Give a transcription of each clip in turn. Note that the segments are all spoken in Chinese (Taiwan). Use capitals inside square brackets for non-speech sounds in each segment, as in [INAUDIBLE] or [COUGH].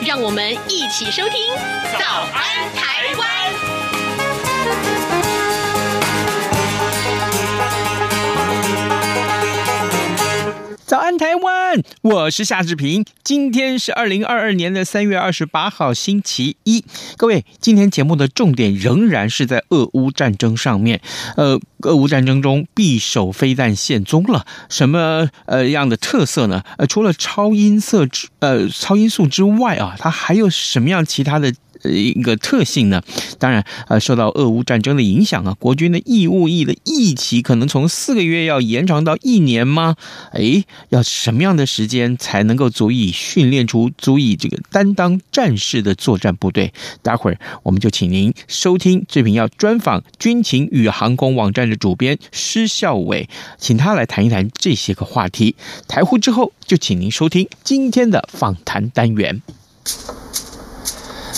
讓我們一起收聽《早安台灣》。早安台灣。我是夏志平，今天是二零二二年的三月二十八號，星期一。各位，今天節目的重點仍然是在俄烏戰爭上面。呃，俄烏戰爭中匕首飛彈現蹤了，什麼呃樣的特色呢？呃，除了超音色之呃超音速之外啊，它還有什麼樣其他的？呃，一個特性呢，當然，呃，受到俄烏戰爭的影響啊，國軍的義務役的役期可能從四個月要延長到一年嗎？哎，要什麼樣的時間才能夠足以訓練出足以這個擔當戰事的作戰部隊？待會兒我們就請您收聽這瓶要專訪軍情與航空網站的主編施孝瑋，請他來談一談這些個話題。台呼之後，就請您收聽今天的訪談單元。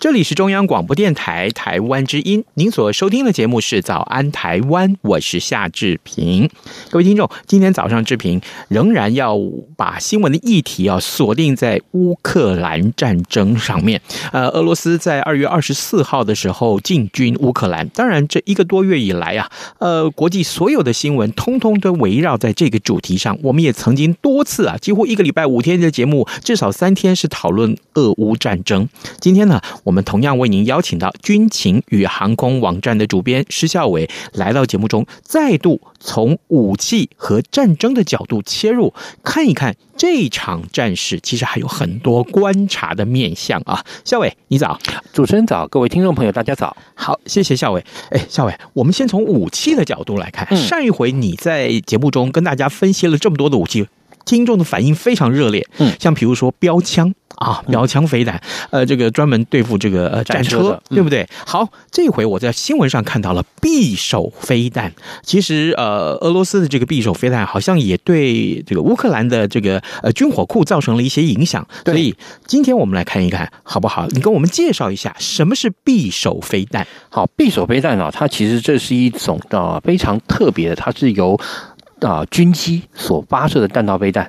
這裡是中央廣播電台台灣之音，您所收聽的節目是早安台灣，我是夏志平。各位聽眾，今天早上志平仍然要把新聞的議題啊鎖定在烏克蘭戰爭上面。呃，俄羅斯在二月二十四號的時候進軍烏克蘭，當然這一個多月以來啊，呃，國際所有的新聞通通都圍繞在這個主題上。我們也曾經多次啊，幾乎一個禮拜五天的節目，至少三天是討論俄烏戰爭。今天呢，我們同樣為您邀請到軍情與航空網站的主編施孝瑋來到節目中，再度從武器和戰爭的角度切入，看一看這場戰事其實還有很多觀察的面向啊。孝瑋，你早！主持人早，各位聽眾朋友，大家早。好，謝謝孝瑋。哎，孝瑋，我們先從武器的角度來看，嗯，上一回你在節目中跟大家分析了這麼多的武器。聽眾的反應非常熱烈，嗯，像比如說標槍啊，標槍飛彈、嗯，呃，這個專門對付這個呃戰車，戰車、嗯，對不對？好，這回我在新聞上看到了匕首飛彈。其實，呃，俄羅斯的這個匕首飛彈好像也對這個烏克蘭的這個呃軍火庫造成了一些影響。對，所以，今天我們來看一看，好不好？你跟我們介紹一下什麼是匕首飛彈？好，匕首飛彈呢，啊，它其實這是一種呃非常特別的，它是由。啊、呃，軍機所發射的彈道飛彈，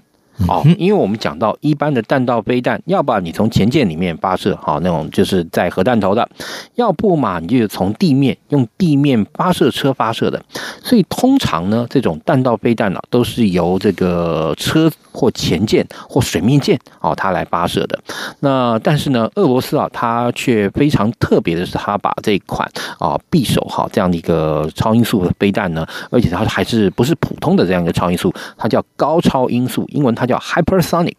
好、哦，因為我們講到一般的彈道飛彈，要不然你從潛艦裡面發射，哈、哦，那種就是載核彈頭的，要不嘛你就從地面用地面發射車發射的，所以通常呢，這種彈道飛彈呢、啊，都是由這個車。或潛艦或水面艦啊，它來發射的。那但是呢，俄羅斯啊，它卻非常特別的是，它把這款啊匕首哈這樣的一個超音速的飛彈呢，而且它還是不是普通的這樣一個超音速，它叫高超音速，英文它叫 hypersonic。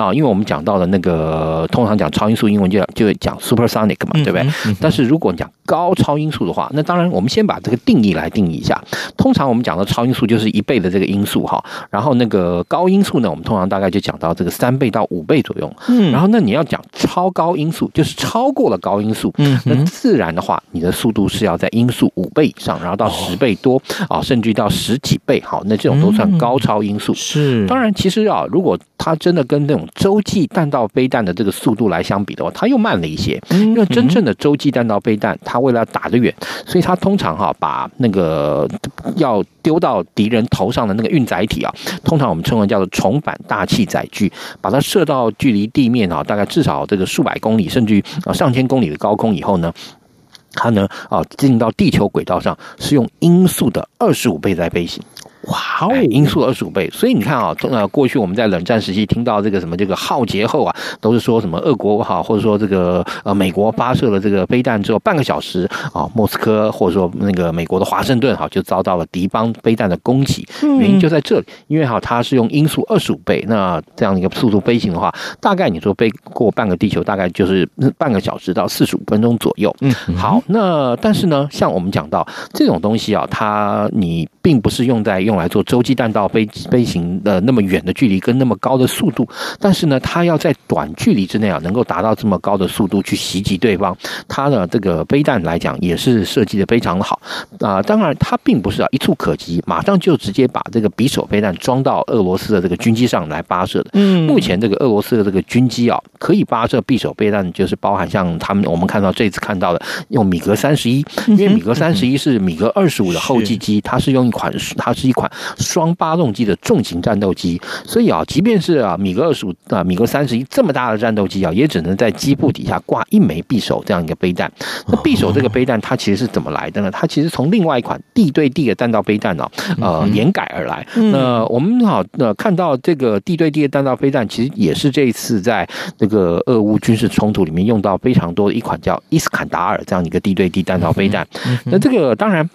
啊，因為我們講到的那個通常講超音速，英文就就會講 supersonic 嘛，對不對？嗯，嗯，但是如果你講高超音速的話，那當然我們先把這個定義來定義一下。通常我們講的超音速就是一倍的這個音速哈。然後那個高音速呢，我們通常大概就講到這個三倍到五倍左右。嗯。然後那你要講超高音速，就是超過了高音速。嗯。那自然的話，你的速度是要在音速五倍以上，然後到十倍多、哦、啊，甚至到十幾倍。好，那這種都算高超音速。嗯、是。當然，其實啊，如果它真的跟那種洲際彈道飛彈的這個速度來相比的話，它又慢了一些。嗯。因為真正的洲際彈道飛彈，嗯、它他為了要打得遠，所以他通常哈把那個要丟到敵人頭上的那個運載體啊，通常我們稱為叫做重返大氣載具，把它射到距離地面啊大概至少這個數百公里甚至於啊上千公里的高空以後呢，它呢啊進到地球軌道上是用音速的二十五倍在飛行。哇、wow, 哦、欸，音速二十五倍，所以你看啊，呃，過去我們在冷戰時期聽到這個什麼這個浩劫後啊，都是說什麼俄國哈，或者說這個呃美國發射了這個飛彈之後半個小時啊，莫斯科或者說那個美國的華盛頓哈就遭到了敵方飛彈的攻擊，嗯，原因就在這裡，因為哈、啊、它是用音速二十五倍，那這樣的一個速度飛行的話，大概你說飛過半個地球，大概就是半個小時到四十五分鐘左右，嗯，好，那但是呢，像我們講到這種東西啊，它你並不是用在用。來做洲際彈道飛飛行的那麼遠的距離跟那麼高的速度，但是呢，它要在短距離之內啊，能夠達到這麼高的速度去襲擊對方，它的這個飛彈來講也是設計的非常的好啊、呃。當然，它並不是啊一蹴可及，馬上就直接把這個匕首飛彈裝到俄羅斯的這個軍機上來發射的。嗯，目前這個俄羅斯的這個軍機啊，可以發射匕首飛彈，就是包含像他們我們看到這次看到的用米格三十一，因為米格三十一是米格二十五的後繼機，它是用一款，它是一款。雙發動機的重型戰鬥機，所以啊，即便是啊米格二十五啊米格三十一這麼大的戰鬥機啊，也只能在機腹底下掛一枚匕首這樣一個飛彈。那匕首這個飛彈它其實是怎麼來的呢？它其實從另外一款地對地的彈道飛彈呢，呃，延改而來。那我們好、啊、那、呃、看到這個地對地的彈道飛彈，其實也是這一次在這個俄烏軍事衝突裡面用到非常多的一款叫伊斯坎達爾這樣一個地對地彈道飛彈、嗯。嗯、那這個當然。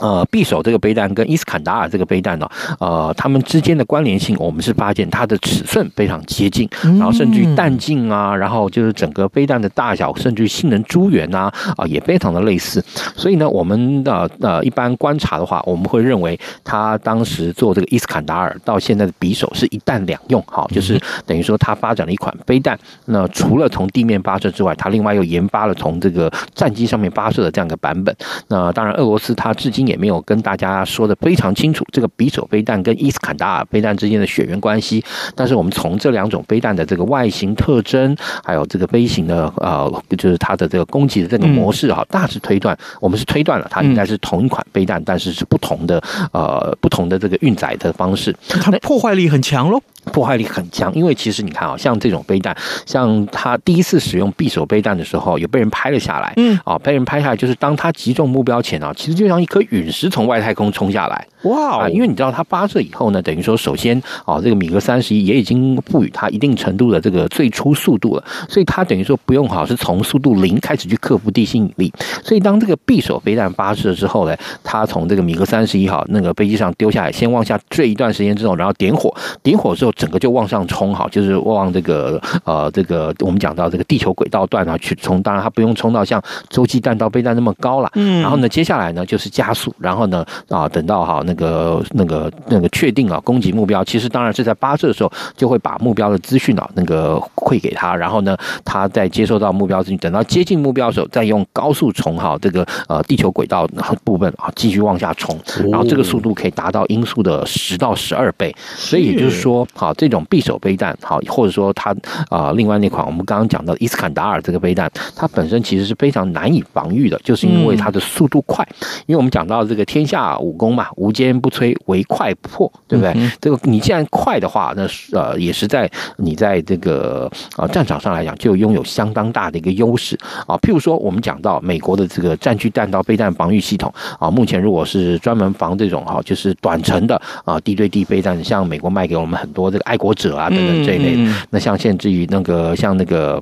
呃，匕首這個飛彈跟伊斯坎達爾這個飛彈呢，呃，它們之間的關聯性，我們是發現它的尺寸非常接近，然後甚至於彈徑啊，然後就是整個飛彈的大小，甚至於性能諸元吶，啊，也非常的類似。所以呢，我們呃呃，一般觀察的話，我們會認為他當時做這個伊斯坎達爾到現在的匕首是一彈兩用，好，就是等於說他發展了一款飛彈。那除了從地面發射之外，他另外又研發了從這個戰機上面發射的這樣一個版本。那當然，俄羅斯它至今。也沒有跟大家說的非常清楚，這個匕首飛彈跟伊斯坎達爾飛彈之間的血緣關係。但是我們從這兩種飛彈的這個外形特徵，還有這個飛行的呃，就是它的這個攻擊的這種模式哈，大致推斷，我們是推斷了它應該是同一款飛彈，但是是不同的呃，不同的這個運載的方式、嗯。它破壞力很強嘍。破壞力很強，因為其實你看啊，像這種飛彈，像他第一次使用匕首飛彈的時候，有被人拍了下來。嗯，啊，被人拍下來就是當他擊中目標前啊，其實就像一顆隕石從外太空衝下來。哇，因為你知道它發射以後呢，等於說首先啊，這個米格三十一也已經賦予它一定程度的這個最初速度了，所以它等於說不用好是從速度零開始去克服地心引力。所以當這個匕首飛彈發射之後呢，它從這個米格三十一號那個飛機上丟下來，先往下墜一段時間之後，然後點火，點火之後。整個就往上衝，好，就是往這個呃，這個我們講到這個地球軌道段啊去衝，當然它不用衝到像洲際彈道飛彈那麼高啦。嗯。然後呢，接下來呢就是加速，然後呢啊，等到哈那個那個那個確定啊攻擊目標，其實當然是在發射的時候就會把目標的資訊啊那個匯給他，然後呢他再接收到目標資訊，等到接近目標的時候再用高速衝，好，這個呃地球軌道然後部分啊繼續往下衝，然後這個速度可以達到音速的十到十二倍，哦，所以也就是說是好，這種匕首飛彈，好，或者說它啊、呃，另外那款我們剛剛講到的伊斯坎德爾這個飛彈，它本身其實是非常難以防禦的，就是因為它的速度快。嗯、因為我們講到這個天下武功嘛，無堅不摧，唯快不破，對不對、嗯？這個你既然快的話，那呃也是在你在這個啊、呃、戰場上來講，就擁有相當大的一個優勢啊。譬如說，我們講到美國的這個戰區彈道飛彈防禦系統啊，目前如果是專門防這種哈、啊，就是短程的啊地對地飛彈，像美國賣給我們很多。愛國者啊，等等這一類的、嗯，嗯嗯嗯、那像限制於那個，像那個。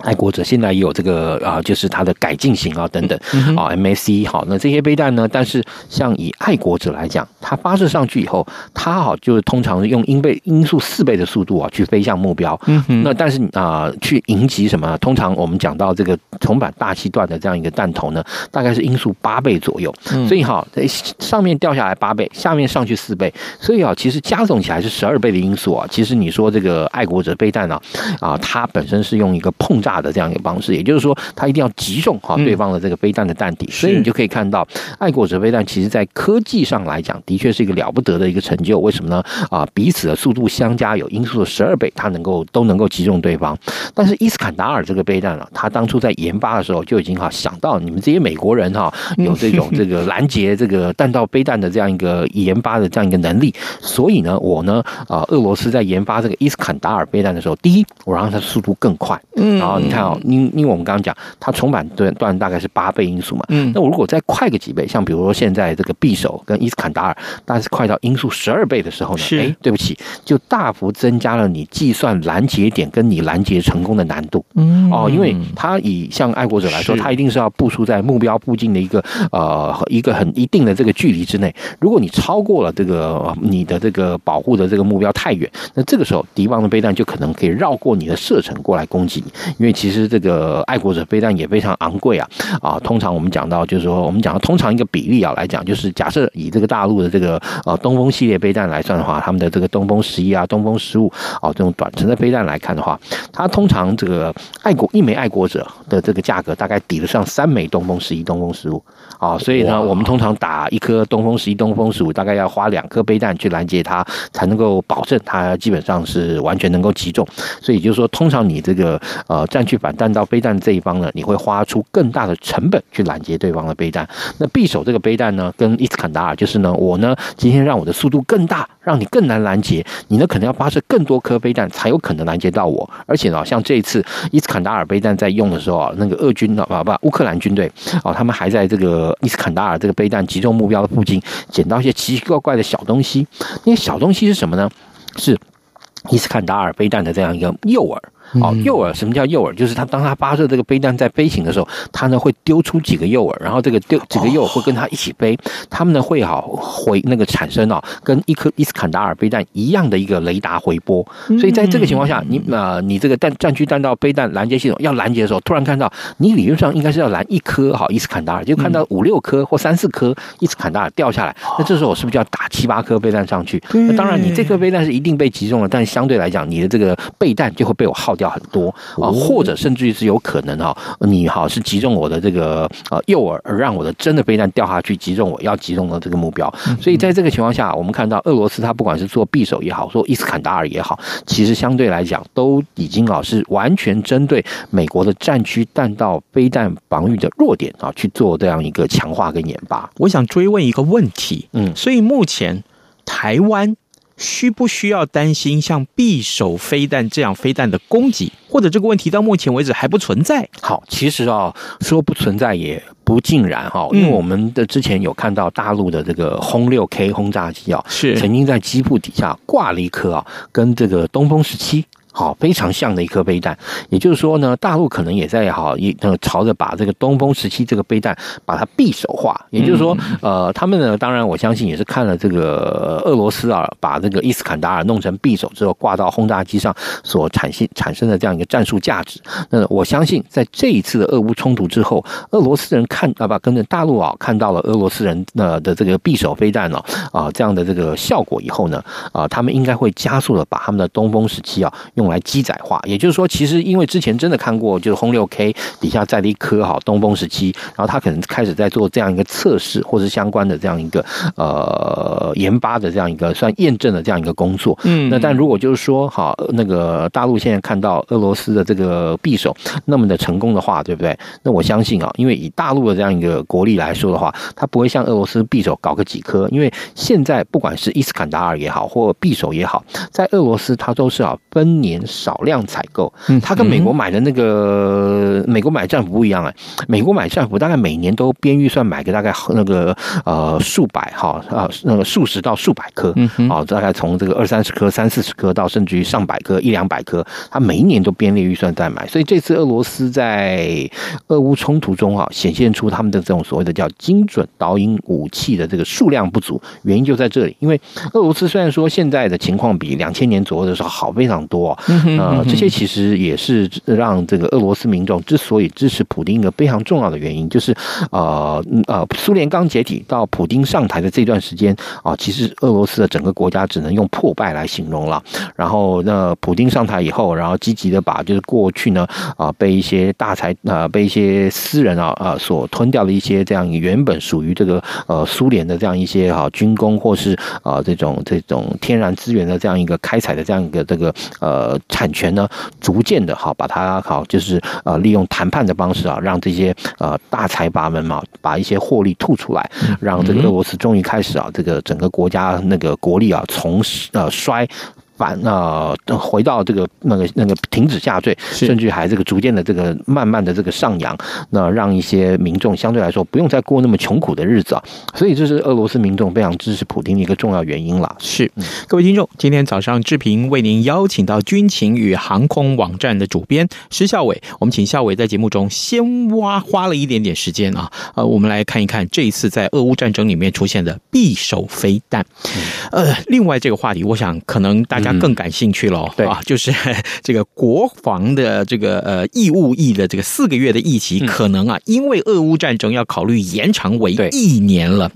愛國者現在也有這個啊、呃，就是它的改進型啊等等啊、嗯哦、MSE 好，那這些飛彈呢？但是像以愛國者來講，它發射上去以後，它好就是通常用音倍音速四倍的速度啊去飛向目標。嗯嗯。那但是啊、呃，去迎擊什麼？通常我們講到這個重返大氣段的這樣一個彈頭呢，大概是音速八倍左右。嗯。所以好，上面掉下來八倍，下面上去四倍，所以啊，其實加總起來是十二倍的音速啊。其實你說這個愛國者飛彈呢，啊、呃，它本身是用一個碰撞。大的這樣一個方式，也就是說，他一定要擊中哈對方的這個飛彈的彈體、嗯。所以你就可以看到愛國者飛彈，其實，在科技上來講，的確是一個了不得的一個成就。為什麼呢？啊、呃，彼此的速度相加有音速的十二倍，它能夠都能夠擊中對方。但是伊斯坎達爾這個飛彈啊，他當初在研發的時候就已經哈想到你們這些美國人哈、啊、有這種這個攔截這個彈道飛彈的這樣一個研發的這樣一個能力，所以呢，我呢啊俄羅斯在研發這個伊斯坎達爾飛彈的時候，第一，我讓它速度更快，嗯，啊、然後。哦、你看哦，因因為我們剛剛講，它重返段段大概是八倍音速嘛。嗯。那我如果再快個幾倍，像比如說現在這個匕首跟伊斯坎德爾，但是快到音速十二倍的時候呢？哎，對不起，就大幅增加了你計算攔截點跟你攔截成功的難度。嗯。哦，因為它以像愛國者來說，它一定是要部署在目標附近的一個呃一個很一定的這個距離之內。如果你超過了這個你的這個保護的這個目標太遠，那這個時候敵方的飛彈就可能可以繞過你的射程過來攻擊你，因為其實這個愛國者飛彈也非常昂貴啊，啊，通常我們講到，就是說我們講到通常一個比例啊來講，就是假設以這個大陸的這個呃東風系列飛彈來算的話，他們的這個東風十一啊、東風十五啊這種短程的飛彈來看的話，它通常這個愛國一枚愛國者的這個價格大概抵得上三枚東風十一、東風十五啊，所以呢，我們通常打一顆東風十一、東風十五，大概要花兩顆飛彈去攔截它，才能夠保證它基本上是完全能夠擊中。所以就是說，通常你這個呃在但去反彈道飛彈這一方呢，你會花出更大的成本去攔截對方的飛彈。那匕首這個飛彈呢，跟伊斯坎達爾就是呢，我呢今天讓我的速度更大，讓你更難攔截。你呢可能要發射更多顆飛彈才有可能攔截到我。而且呢，像這一次伊斯坎達爾飛彈在用的時候啊，那個俄軍啊不烏克蘭軍隊啊，他們還在這個伊斯坎達爾這個飛彈擊中目標的附近撿到一些奇奇怪怪的小東西。那個小東西是什麼呢？是伊斯坎達爾飛彈的這樣一個誘餌。好、哦，誘餌，什麼叫誘餌？就是他當他發射這個飛彈在飛行的時候，他呢會丟出幾個誘餌，然後這個丟幾個誘餌會跟他一起飛、哦，他們呢會好回那個產生啊、哦，跟一顆伊斯坎德爾飛彈一樣的一個雷達回波。所以在這個情況下，你呃你這個彈戰區彈道飛彈攔截系統要攔截的時候，突然看到你理論上應該是要攔一顆好伊斯坎德爾，就看到五六顆或三四顆伊斯坎德爾掉下來、嗯，那這時候我是不是要打七八顆飛彈上去、嗯？那當然你這顆飛彈是一定被擊中了，但是相對來講你的這個備彈就會被我耗。掉很多啊，或者甚至於是有可能哈，你好，是擊中我的這個呃誘餌，而讓我的真的飛彈掉下去擊中我要擊中的這個目標。所以在這個情況下，我們看到俄羅斯它不管是做匕首也好，做伊斯坎達爾也好，其實相對來講都已經啊是完全針對美國的戰區彈道飛彈防禦的弱點啊去做這樣一個強化跟研發。我想追問一個問題，嗯，所以目前台灣。需不需要擔心像匕首飛彈這樣飛彈的攻擊？或者這個問題到目前為止還不存在？好，其實啊，說不存在也不盡然哈，因為我們的之前有看到大陸的這個轟六 K 轟炸機啊，是曾經在機腹底下掛了一顆啊，跟這個東風十七。好，非常像的一顆飛彈，也就是說呢，大陸可能也在好一那朝着把這個東風十七這個飛彈把它匕首化，也就是說，呃，他們呢，當然我相信也是看了這個俄羅斯啊，把這個伊斯坎達爾弄成匕首之後掛到轟炸機上所產生產生的這樣一個戰術價值。那我相信，在這一次的俄烏衝突之後，俄羅斯人看啊不，跟着大陸啊看到了俄羅斯人的這個匕首飛彈呢、啊，啊這樣的這個效果以後呢啊，他們應該會加速的把他們的東風十七啊用。來機載化，也就是說，其實因為之前真的看過，就是轟六 K 底下載的一顆哈東風十七，然後他可能開始在做這樣一個測試，或是相關的這樣一個呃研發的這樣一個算驗證的這樣一個工作。嗯，那但如果就是說，哈，那個大陸現在看到俄羅斯的這個匕首那麼的成功的話，對不對？那我相信啊，因為以大陸的這樣一個國力來說的話，他不會像俄羅斯匕首搞個幾顆，因為現在不管是伊斯坎達爾也好，或匕首也好，在俄羅斯它都是啊分年，少量採購，它跟美國買的那個美國買戰斧不一樣啊、欸！美國買戰斧大概每年都編預算買個大概那個呃數百哈、哦、啊那個數十到數百顆，嗯。好，大概從這個二三十顆、三四十顆到甚至於上百顆、一兩百顆，他每一年都編列預算在買。所以這次俄羅斯在俄烏衝突中啊，顯現出他們的這種所謂的叫精準導引武器的這個數量不足，原因就在這裡。因為俄羅斯雖然說現在的情況比兩千年左右的時候好非常多、哦。啊、嗯嗯呃，這些其實也是讓這個俄羅斯民眾之所以支持普京一個非常重要的原因，就是啊呃蘇聯剛解體到普京上台的這段時間啊、呃，其實俄羅斯的整個國家只能用破敗來形容了。然後那普京上台以後，然後積極的把就是過去呢啊、呃、被一些大財啊、呃、被一些私人啊啊、呃、所吞掉的一些這樣原本屬於這個呃蘇聯的這樣一些啊、呃、軍工或是啊、呃、這種這種天然資源的這樣一個開採的這樣一個這個呃。呃，產權呢，逐漸的好，把它好，就是呃，利用談判的方式啊，讓這些呃大財閥們嘛，把一些獲利吐出來，讓這個俄羅斯終於開始啊，這個整個國家那個國力啊，從呃衰。反，那、呃、回到這個那個那個停止下墜，甚至還這個逐漸的這個慢慢的這個上揚，那讓一些民眾相對來說不用再過那麼窮苦的日子啊，所以這是俄羅斯民眾非常支持普京的一個重要原因了。是，各位聽眾，今天早上志平為您邀請到軍情與航空網站的主編施孝瑋，我們請孝瑋在節目中先挖花了一點點時間啊，呃，我們來看一看這一次在俄烏戰爭裡面出現的匕首飛彈，嗯、呃，另外這個話題，我想可能大家、嗯。嗯、更感興趣了，對啊，就是這個國防的這個呃義務役的這個四個月的役期，嗯，可能啊，因為俄烏戰爭要考慮延長為一年了。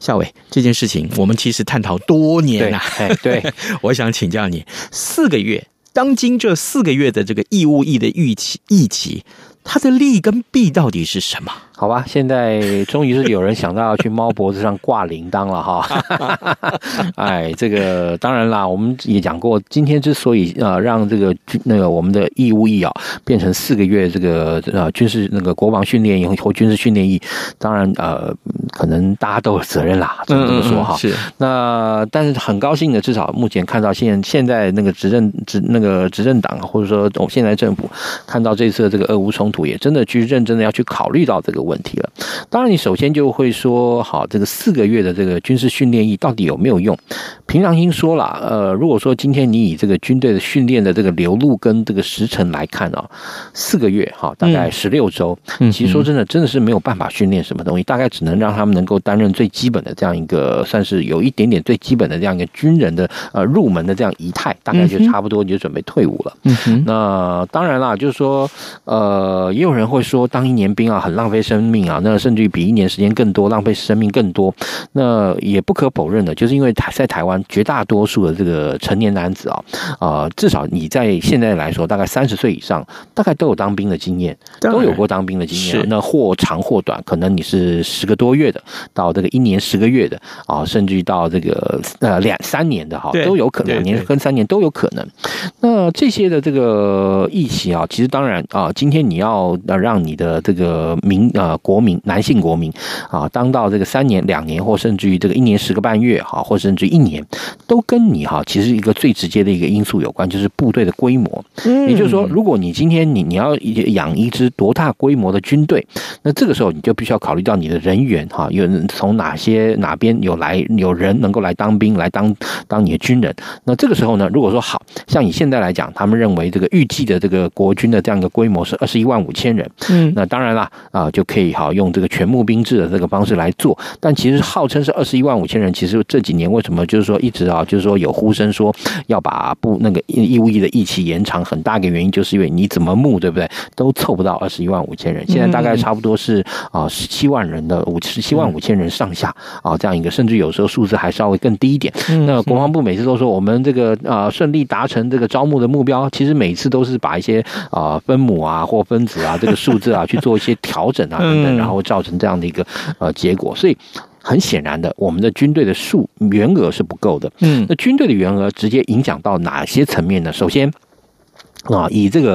孝瑋，嗯，這件事情我們其實探討多年了啊。對，對 [LAUGHS] 我想請教你，四個月，當今這四個月的這個義務役的役期，役期，它的利跟弊到底是什麼？好吧，現在終於是有人想到要去貓脖子上掛鈴鐺了哈。哈哈哈。哎，這個當然啦，我們也講過，今天之所以呃讓這個那個我們的義務役啊、哦、變成四個月這個呃軍事那個國防訓練役或軍事訓練役。當然呃可能大家都有責任啦，只能這麼說哈、嗯嗯嗯。是。那但是很高興的，至少目前看到現現在那個執政執那個執政黨或者說我們現在政府看到這次的這個俄烏衝突，也真的去認真的要去考慮到這個。問題了，當然你首先就會說，好，這個四個月的這個軍事訓練役到底有沒有用？平常心說了，呃，如果說今天你以這個軍隊的訓練的這個流露跟這個時辰來看啊、哦，四個月哈、哦，大概十六周、嗯，其實說真的，真的是沒有辦法訓練什麼東西、嗯，大概只能讓他們能夠擔任最基本的這樣一個，算是有一點點最基本的這樣一個軍人的呃入門的這樣儀態，大概就差不多你、嗯、就準備退伍了。嗯、那當然啦，就是說，呃，也有人會說，當一年兵啊，很浪費身。生命啊，那甚至於比一年時間更多，浪費生命更多。那也不可否認的，就是因為台在台灣絕大多數的這個成年男子啊，啊、呃，至少你在現在來說，大概三十歲以上，大概都有當兵的經驗，都有過當兵的經驗。是。那或長或短，可能你是十個多月的，到這個一年十個月的啊，甚至於到這個呃兩三年的哈，都有可能，兩年跟三年都有可能。那這些的這個議題啊，其實當然啊，今天你要讓你的這個民啊。呃呃，國民男性國民啊，當到這個三年、兩年，或甚至於這個一年十個半月，哈，或甚至一年，都跟你哈、啊，其實一個最直接的一個因素有關，就是部隊的規模。也就是說，如果你今天你你要養一支多大規模的軍隊，那這個時候你就必須要考慮到你的人員哈、啊，有人從哪些哪邊有來有人能夠來當兵來當當你的軍人。那這個時候呢，如果說好像你現在來講，他們認為這個預計的這個國軍的這樣一個規模是二十一萬五千人，嗯，那當然了啊，就可以。可以哈用這個全募兵制的這個方式來做，但其實號稱是二十一萬五千人，其實這幾年為什麼就是說一直啊，就是說有呼聲說要把不那個義務役的役期延長，很大一個原因就是因為你怎麼募，對不對，都湊不到二十一萬五千人。現在大概差不多是啊十七萬人的五十七萬五千人上下啊這樣一個，甚至有時候數字還稍微更低一點。那國防部每次都說我們這個啊順利達成這個招募的目標，其實每次都是把一些啊分母啊或分子啊這個數字啊去做一些調整啊。 [LAUGHS] 嗯、然後造成這樣的一個呃結果，所以很顯然的，我們的軍隊的數員額是不夠的。嗯，那軍隊的員額直接影響到哪些層面呢？首先，啊、呃，以這個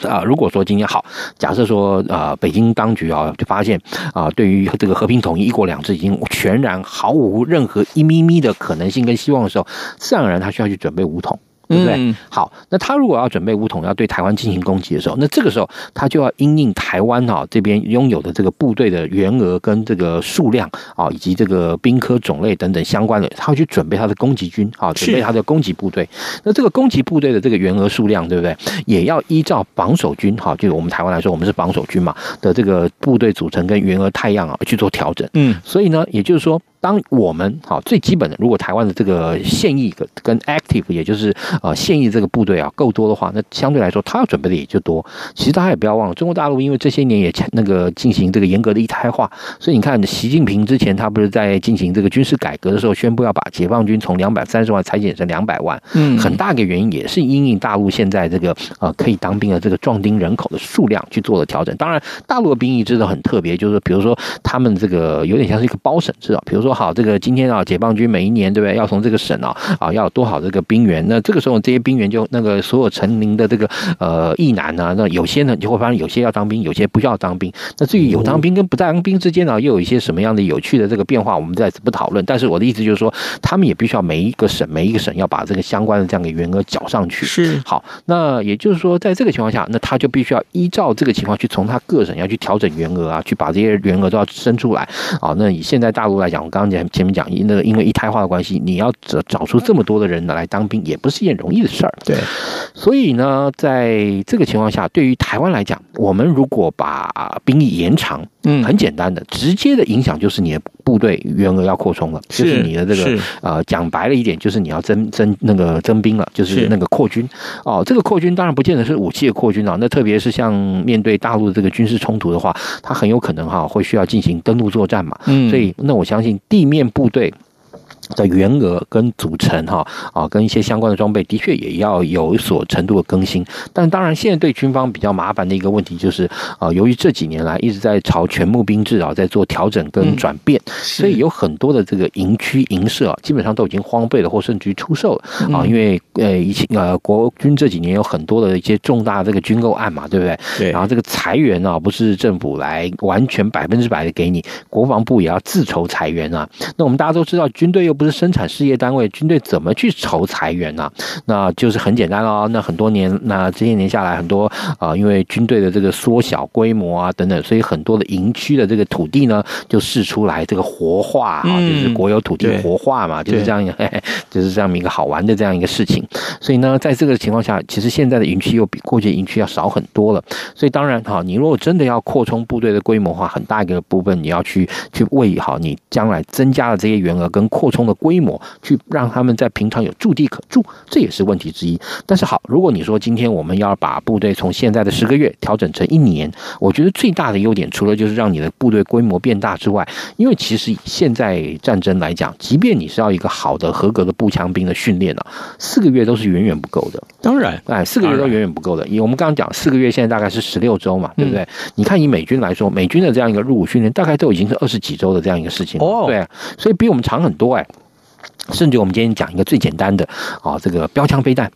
呃啊，如果說今天好，假設說啊、呃，北京當局啊就發現啊、呃，對於這個和平統一、一國兩制已經全然毫無任何一咪咪的可能性跟希望的時候，自然而然他需要去準備武統。對不對？好，那他如果要準備武統，要對台灣進行攻擊的時候，那這個時候他就要因應台灣哈這邊擁有的這個部隊的員額跟這個數量啊，以及這個兵科種類等等相關的，他會去準備他的攻擊軍啊，準備他的攻擊部隊。那這個攻擊部隊的這個員額數量，對不對？也要依照防守軍哈，就我們台灣來說，我們是防守軍嘛的這個部隊組成跟員額態樣啊去做調整。嗯，所以呢，也就是說。當我們好，最基本的，如果台灣的這個現役跟跟 active，也就是呃現役這個部隊啊夠多的話，那相對來說他要準備的也就多。其實大家也不要忘了，中國大陸因為這些年也那個進行這個嚴格的一胎化，所以你看習近平之前他不是在進行這個軍事改革的時候宣布要把解放軍從兩百三十萬裁減成兩百萬，嗯，很大個原因也是因應大陸現在這個呃可以當兵的這個壯丁人口的數量去做了調整。當然，大陸的兵役制度很特別，就是比如說他們這個有點像是一個包省制啊，比如說。多好，這個今天啊，解放軍每一年對不對？要從這個省啊啊，要有多少這個兵員？那這個時候，這些兵員就那個所有成名的這個呃役男啊，那有些呢，就會發現有些要當兵，有些不需要當兵。那至於有當兵跟不當兵之間呢，又有一些什麼樣的有趣的這個變化，我們在此不討論。但是我的意思就是說，他們也必須要每一個省，每一個省要把這個相關的這樣的員額繳上去。是好，那也就是說，在這個情況下，那他就必須要依照這個情況去從他各省要去調整員額啊，去把這些員額都要生出來啊。那以現在大陸來講，我剛。剛才前面講那個，因為一胎化的關係，你要找找出這麼多的人拿來當兵，也不是一件容易的事兒。對，所以呢，在這個情況下，對於台灣來講，我們如果把兵役延長，嗯，很簡單的，直接的影響就是你的部隊員額要擴充了，嗯，就是你的這個呃，講白了一點，就是你要徵徵那個徵兵增增那個增兵了，就是那個擴軍。哦，這個擴軍當然不見得是武器的擴軍啊，那特別是像面對大陸的這個軍事衝突的話，他很有可能哈會需要進行登陸作戰嘛。嗯，所以那我相信。地面部隊，的員額跟組成哈啊，啊，跟一些相關的裝備的確也要有一所程度的更新。但當然，現在對軍方比較麻煩的一個問題就是啊、呃，由於這幾年來一直在朝全募兵制啊在做調整跟轉變，嗯，所以有很多的這個營區營舍、啊、基本上都已經荒廢了，或甚至於出售了。啊。因為呃以前呃國軍這幾年有很多的一些重大這個軍購案嘛，對不對？對。然後這個財源呢，啊，不是政府來完全百分之百的給你，國防部也要自籌財源啊。那我們大家都知道，軍隊又不。不是生產事業單位，軍隊怎麼去籌裁員呢、啊？那就是很簡單哦，那很多年，那這些年下來，很多啊、呃，因為軍隊的這個縮小規模啊等等，所以很多的營區的這個土地呢就釋出來，這個活化啊，就是國有土地活化嘛，嗯、就是這樣嘿，就是這樣一個好玩的這樣一個事情。所以呢，在這個情況下，其實現在的營區又比過去營區要少很多了。所以當然哈，你如果真的要擴充部隊的規模的話，很大一個部分你要去去餵好你將來增加的這些員額跟擴充的規模去讓他們在平常有駐地可住，這也是問題之一。但是好，如果你說今天我們要把部隊從現在的十個月調整成一年，我覺得最大的優點除了就是讓你的部隊規模變大之外，因為其實現在戰爭來講，即便你是要一個好的合格的步槍兵的訓練呢，四個月都是遠遠不夠的。當然，哎，四個月都遠遠不夠的。以我們剛剛講，四個月現在大概是十六周嘛，對不對、嗯？你看以美軍來說，美軍的這樣一個入伍訓練大概都已經是二十幾周的這樣一個事情了、哦、對、啊，所以比我們長很多哎、欸。甚至我們今天講一個最簡單的，啊，這個標槍飛彈。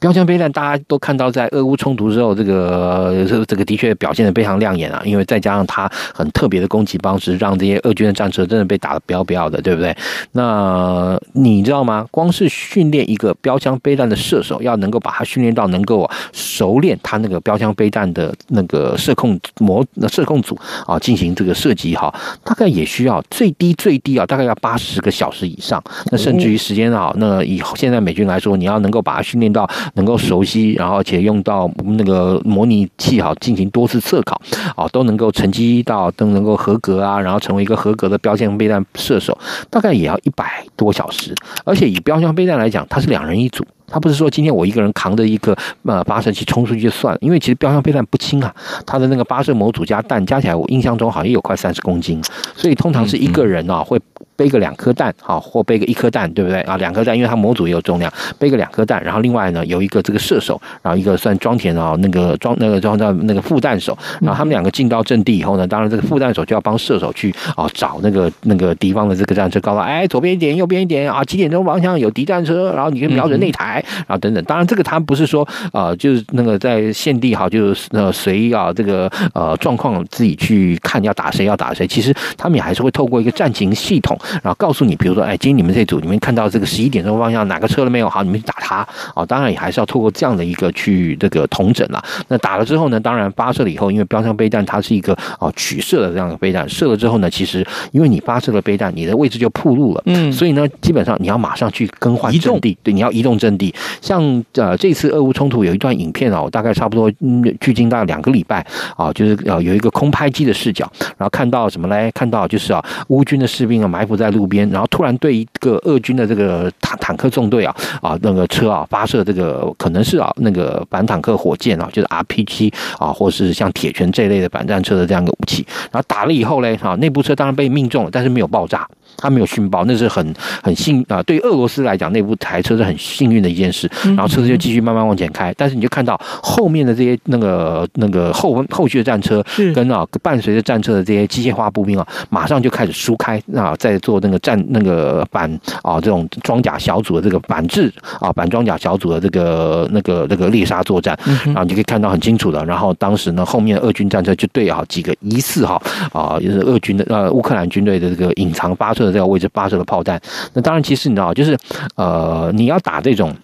標槍飛彈，大家都看到，在俄烏衝突之後，這個這個的確表現得非常亮眼啊。因為再加上它很特別的攻擊方式，讓這些俄軍的戰車真的被打得不要不要的，對不對？那你知道嗎？光是訓練一個標槍飛彈的射手，要能夠把它訓練到能夠熟練它那個標槍飛彈的那個射控模射控組啊，進行這個射擊哈，大概也需要最低最低啊，大概要八十個小時以上。那甚至於時間啊，那以現在美軍來說，你要能夠把它訓練到。能夠熟悉，然後且用到那個模擬器好，啊、進行多次測考，啊，都能夠成績到都能夠合格啊，然後成為一個合格的標槍備彈射手，大概也要一百多小時。而且以標槍備彈來講，它是兩人一組，它不是說今天我一個人扛着一個呃發射器衝出去就算了，因為其實標槍備彈不輕啊，它的那個發射模組加彈加起來，我印象中好像也有快三十公斤，所以通常是一個人啊會。背個兩顆彈啊，或背個一顆彈，對不對啊？兩顆彈，因為它模組也有重量。背個兩顆彈，然後另外呢，有一個這個射手，然後一個算裝填啊，那個裝那個裝在那個副彈手，然後他們兩個進到陣地以後呢，當然這個副彈手就要幫射手去啊找那個那個敵方的這個戰車，告訴哎，左邊一點，右邊一點啊，幾點鐘方向有敵戰車，然後你就瞄準那台嗯嗯，然後等等。當然這個他們不是說啊、呃，就是那個在現地哈，就是呃隨啊這個呃狀況自己去看要打誰要打誰，其實他們也還是會透過一個戰情系統。然後告訴你，比如說，哎，今天你們這組，你們看到這個十一點鐘方向哪個車了沒有？好，你們去打它啊、哦！當然也還是要透過這樣的一個去這個統整啊。那打了之後呢，當然發射了以後，因為標槍飛彈它是一個啊、哦、取射的這樣的飛彈，射了之後呢，其實因為你發射了飛彈，你的位置就暴露了。嗯，所以呢，基本上你要馬上去更換陣地，移動，對，你要移動陣地。像呃這次俄烏衝突有一段影片啊，哦、我大概差不多嗯距今大概兩個禮拜啊、哦，就是呃有一個空拍機的視角，然後看到什麼來？看到就是啊、呃，烏軍的士兵啊埋伏，在路邊，然後突然對一個俄軍的這個坦坦克縱隊啊啊那個車啊發射這個可能是啊那個反坦克火箭啊，就是 RPG 啊，或是像鐵拳這一類的反戰車的這樣的武器，然後打了以後嘞啊，那部車當然被命中了，但是沒有爆炸。他沒有殉爆，那是很很幸啊。對於俄羅斯來講，那部台車是很幸運的一件事，嗯。然後車子就繼續慢慢往前開，但是你就看到後面的這些那個那個後後續的戰車跟啊伴隨着戰車的這些機械化步兵啊，馬上就開始疏開那啊，在做那個戰那個板啊這種裝甲小組的這個板制啊板裝甲小組的這個那個那個獵殺、那個、作戰，嗯、然後你就可以看到很清楚的。然後當時呢，後面的俄軍戰車就對啊幾個疑似哈啊，啊就是俄軍的呃烏克蘭軍隊的這個隱藏發射。這個位置發射的炮彈，那當然，其實你知道，就是呃，你要打這種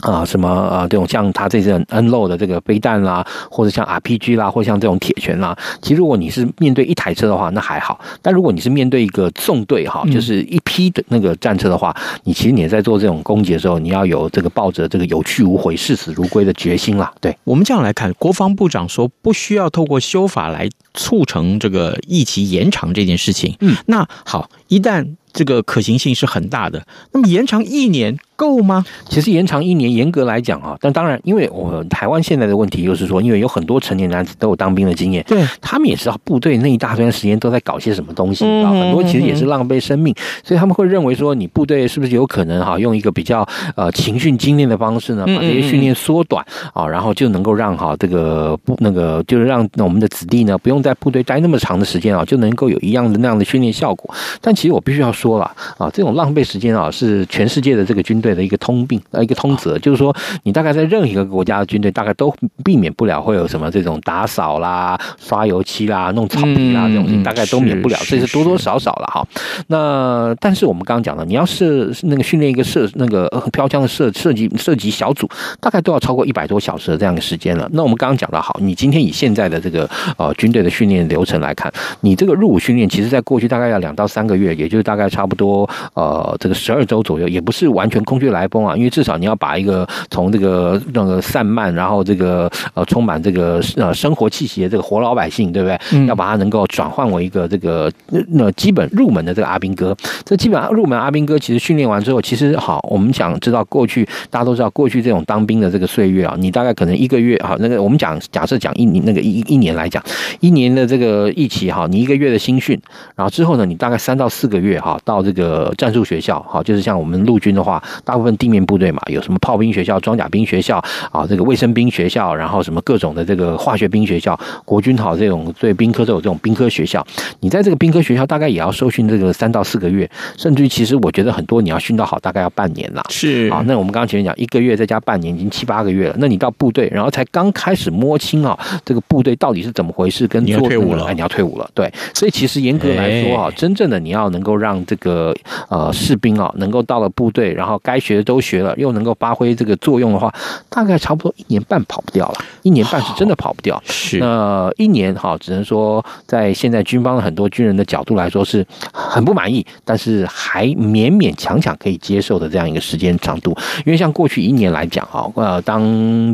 啊什麼啊，這種像他這種 NLO 的這個飛彈啦，或者像 RPG 啦，或像這種鐵拳啦，其實如果你是面對一台車的話，那還好；但如果你是面對一個縱隊哈，就是一批的那個戰車的話，嗯，你其實你在做這種攻擊的時候，你要有這個抱着這個有去無回、視死如歸的決心啦。對我們這樣來看，國防部長說不需要透過修法來促成這個役期延長這件事情。嗯，那好。一旦這個可行性是很大的，那麼延長一年夠嗎？其實延長一年，嚴格來講啊，但當然，因為我台灣現在的問題就是說，因為有很多成年男子都有當兵的經驗，對，他們也知道部隊那一大段時間都在搞些什麼東西，很多其實也是浪費生命，嗯嗯嗯，所以他們會認為說，你部隊是不是有可能哈，用一個比較呃勤訓精練的方式呢，把這些訓練縮短啊，然後就能夠讓哈這個那個就是讓我們的子弟呢不用在部隊待那麼長的時間啊，就能夠有一樣的那樣的訓練效果，但。其實我必須要說了啊，這種浪費時間啊，是全世界的這個軍隊的一個通病啊，一個通則，就是說你大概在任何一個國家的軍隊，大概都避免不了會有什麼這種打掃啦、刷油漆啦、弄草坪啦，嗯，這種，大概都免不了，嗯，這是多多少少了哈。那但是我們剛剛講的，你要是那個訓練一個設那個飄槍的設設計設計小組，大概都要超過一百多小時的這樣的時間了。那我們剛剛講的好，你今天以現在的這個呃軍隊的訓練流程來看，你這個入伍訓練，其實，在過去大概要兩到三個月。也就是大概差不多呃，這個十二周左右，也不是完全空穴來風啊，因為至少你要把一個從這個那個散漫，然後這個呃充滿這個呃生活氣息的這個活老百姓，對不對？嗯、要把它能夠轉換為一個這個那，那基本入門的這個阿兵哥。這基本上入門阿兵哥，其實訓練完之後，其實好，我們想知道過去大家都知道過去這種當兵的這個歲月啊，你大概可能一個月啊，那個我們講假設講一年，那個一一年來講，一年的這個一期哈，你一個月的新訓，然後之後呢，你大概三到四個月哈，到這個戰術學校哈，就是像我們陸軍的話，大部分地面部隊嘛，有什麼炮兵學校、裝甲兵學校啊，這個衛生兵學校，然後什麼各種的這個化學兵學校，國軍好這種對兵科都有這種兵科學校。你在這個兵科學校，大概也要受訓這個三到四個月，甚至於其實我覺得很多你要訓到好，大概要半年了。是啊，那我們剛剛前面講一個月再加半年，已經七八個月了。那你到部隊，然後才剛開始摸清啊，這個部隊到底是怎麼回事，跟做、那個、你退伍了，哎，你要退伍了。對，所以其實嚴格來說啊，哎、真正的你要。要能夠讓這個呃士兵啊、哦、能夠到了部隊，然後該學的都學了，又能夠發揮這個作用的話，大概差不多一年半跑不掉了。一年半是真的跑不掉，那是那一年哈、哦，只能說在現在軍方的很多軍人的角度來說是很不滿意，但是還勉勉強強可以接受的這樣一個時間長度。因為像過去一年來講哈、哦，呃，當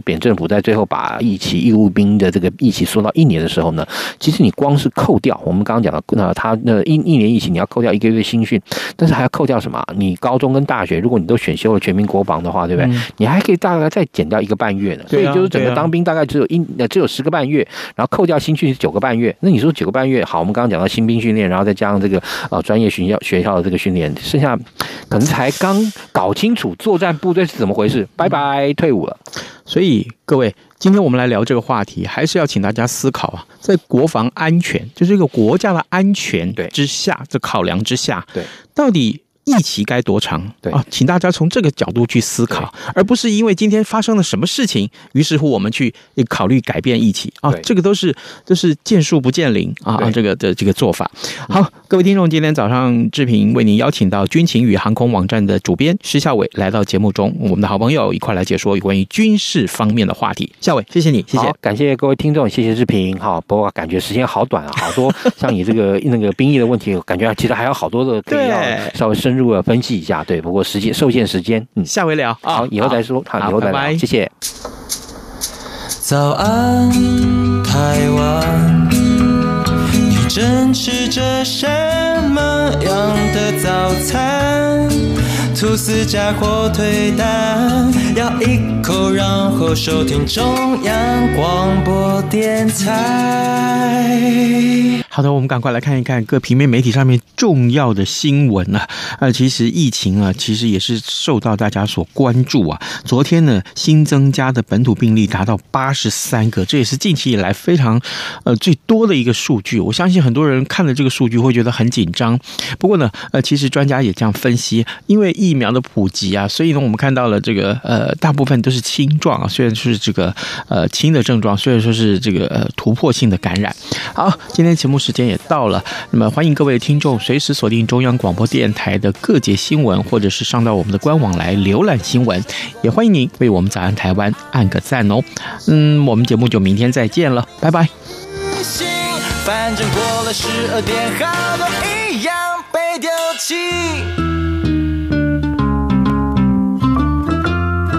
扁政府在最後把役期義務兵的這個役期縮到一年的時候呢，其實你光是扣掉，我們剛剛講的那、呃、他那一一年役期你要。扣掉一個月的新訓，但是還要扣掉什麼？你高中跟大學，如果你都選修了全民國防的話，對不對？嗯、你還可以大概再減掉一個半月呢。所以就是整個當兵大概只有一，呃、只有十個半月，然後扣掉新訓是九個半月。那你說九個半月好，我們剛剛講到新兵訓練，然後再加上這個啊呃、專業學校學校的這個訓練，剩下可能才剛搞清楚作戰部隊是怎麼回事，嗯、拜拜，退伍了。所以各位。今天我們來聊這個話題，還是要請大家思考啊，在國防安全，就是一個國家的安全之下，這考量之下，對，到底。役期該多長？對啊，請大家從這個角度去思考，而不是因為今天發生了什麼事情，於是乎我們去考慮改變役期啊。這個都是都是見樹不見林啊，這個的這個做法。好，各位聽眾，今天早上志平為您邀請到軍情與航空網站的主編施孝瑋來到節目中，我們的好朋友一塊來解說有關於軍事方面的話題。孝瑋，謝謝你，謝謝好，感謝各位聽眾，謝謝志平。好、哦，不過感覺時間好短啊，好多 [LAUGHS] 像你這個那個兵役的問題，我感覺其實還有好多的對，要稍微深入。如果要分析一下，對，不過時間受限時間，嗯，下回聊，哦啊、好，以後再說，好，拜拜，謝謝。早安，台灣，你正吃着什麼樣的早餐？吐司加火腿蛋，咬一口，然後收聽中央廣播電台。好的，我們趕快來看一看各平面媒體上面重要的新聞啊。呃，其實疫情啊，其實也是受到大家所關注啊。昨天呢，新增加的本土病例達到八十三個，這也是近期以來非常呃最多的一個數據。我相信很多人看了這個數據會覺得很緊張。不過呢，呃，其實專家也這樣分析，因為疫苗的普及啊，所以呢，我們看到了這個呃，大部分都是輕狀啊，雖然是這個呃輕的症狀，雖然說是這個、呃是這個呃、突破性的感染。好，今天節目是。時間也到了，那麼歡迎各位聽眾隨時鎖定中央廣播電臺的各節新聞，或者是上到我們的官網來瀏覽新聞。也歡迎您為我們“早安台灣”按個讚哦。嗯，我們節目就明天再見了，拜拜。反正過了